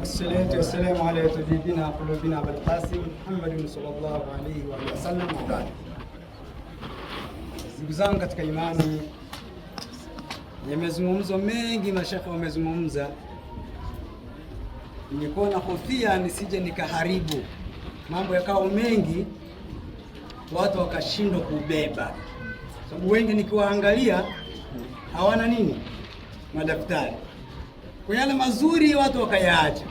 Assalatu wassalamu ala tabibina qulubina Abul Qasim Muhammadin sallallahu alayhi wa sallam. Ndugu zangu katika imani, yamezungumzwa mengi, mashekhe wamezungumza. Nilikuwa na kofia nisije nikaharibu mambo yakawa mengi, watu wakashindwa kubeba, sababu wengi nikiwaangalia hawana nini, madaktari kwa yale mazuri watu wakayaacha.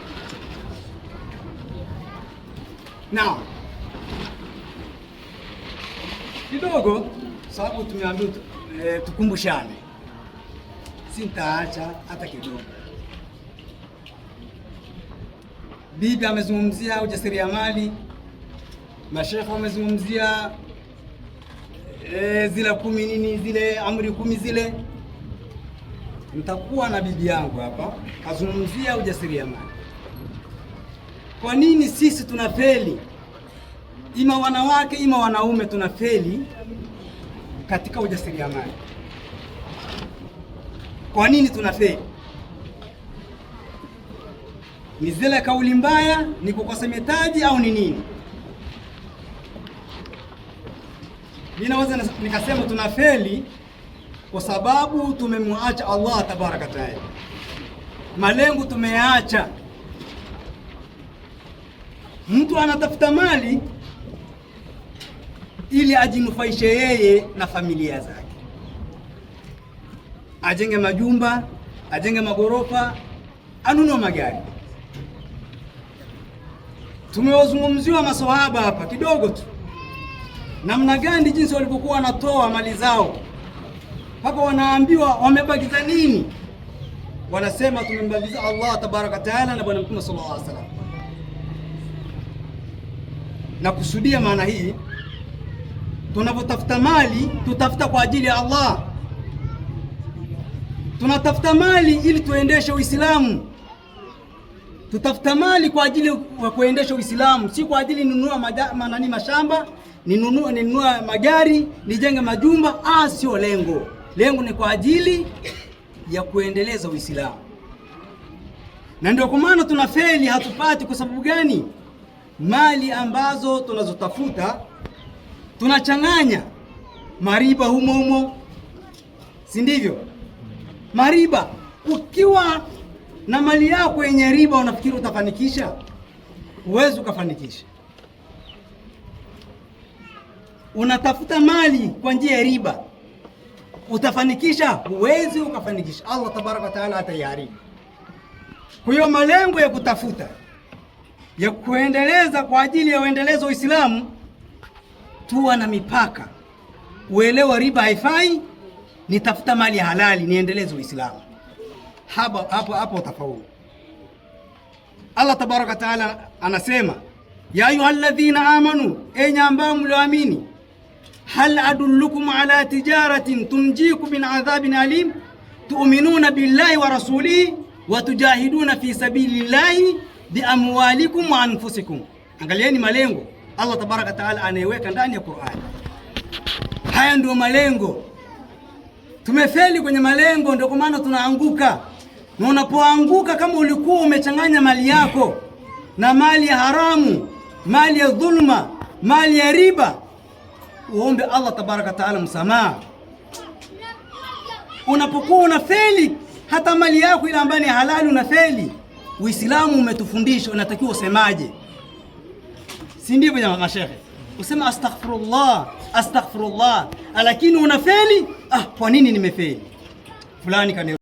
Na kidogo sababu tumeambiwa e, tukumbushane, sintaacha hata kidogo. Bibi amezungumzia ujasiriamali, mashekha wamezungumzia e, zile kumi nini zile amri kumi zile nitakuwa na bibi yangu hapa kazungumzia ujasiriamali. Kwa nini sisi tuna feli ima wanawake ima wanaume tuna feli katika ujasiriamali? Kwa nini tuna feli Ni zile kauli mbaya, ni kukosa mitaji au ni nini? Ninaweza nikasema tuna feli kwa sababu tumemwacha Allah tabaraka taala, malengo tumeacha Mtu anatafuta mali ili ajinufaishe yeye na familia zake, ajenge majumba, ajenge magorofa, anunue magari. Tumewazungumziwa maswahaba hapa kidogo tu, namna gani jinsi walivyokuwa wanatoa mali zao hapa wanaambiwa wamebakiza nini? Wanasema tumembakiza Allah tabaraka wataala na bwana mtume sallallahu alaihi wasallam. Na kusudia maana hii, tunapotafuta mali tutafuta kwa ajili ya Allah, tunatafuta mali ili tuendeshe Uislamu tutafuta mali kwa ajili ya kuendesha Uislamu, si kwa ajili ninunua manani mashamba, ninunua ninunua magari, nijenge majumba. Ah, sio lengo lengo ni kwa ajili ya kuendeleza Uislamu, na ndio kwa maana feli, hatupati. Kwa sababu gani? Mali ambazo tunazotafuta tunachanganya mariba humo humo, si ndivyo? Mariba, ukiwa na mali yako yenye riba, unafikiri utafanikisha? Huwezi ukafanikisha. Unatafuta mali kwa njia ya riba Utafanikisha? Huwezi ukafanikisha, Allah tabaraka wa taala atayari. Kwa hiyo malengo ya kutafuta ya kuendeleza kwa ajili ya uendelezo wa Uislamu, tuwa na mipaka, uelewa riba haifai, nitafuta mali ya halali niendeleze Uislamu. Hapo hapo hapo utafaulu. Allah tabaraka wa taala anasema ya ayuha alladhina amanu, enyi ambao mlioamini hal adullukum ala tijaratin tunjiku min adhabin alim tu'minuna billahi wa rasulihi wa tujahiduna fi sabilillahi bi amwalikum wa anfusikum. Angalieni malengo Allah tabaraka taala anayeweka ndani ya Qur'ani. Haya ndio malengo. Tumefeli kwenye malengo, ndio kwa maana tunaanguka. Na unapoanguka kama ulikuwa umechanganya mali yako na mali ya haramu, mali ya dhulma, mali ya riba uombe Allah tabaraka taala msamaha. Unapokuwa unafeli hata mali yako ile ambayo ni halali feli, Uislamu umetufundisha unatakiwa usemaje, si ndivyo jamaa mashehe? Usema astaghfirullah, astaghfirullah, ah, lakini feli. Ah, kwa nini nimefeli? Fulani kani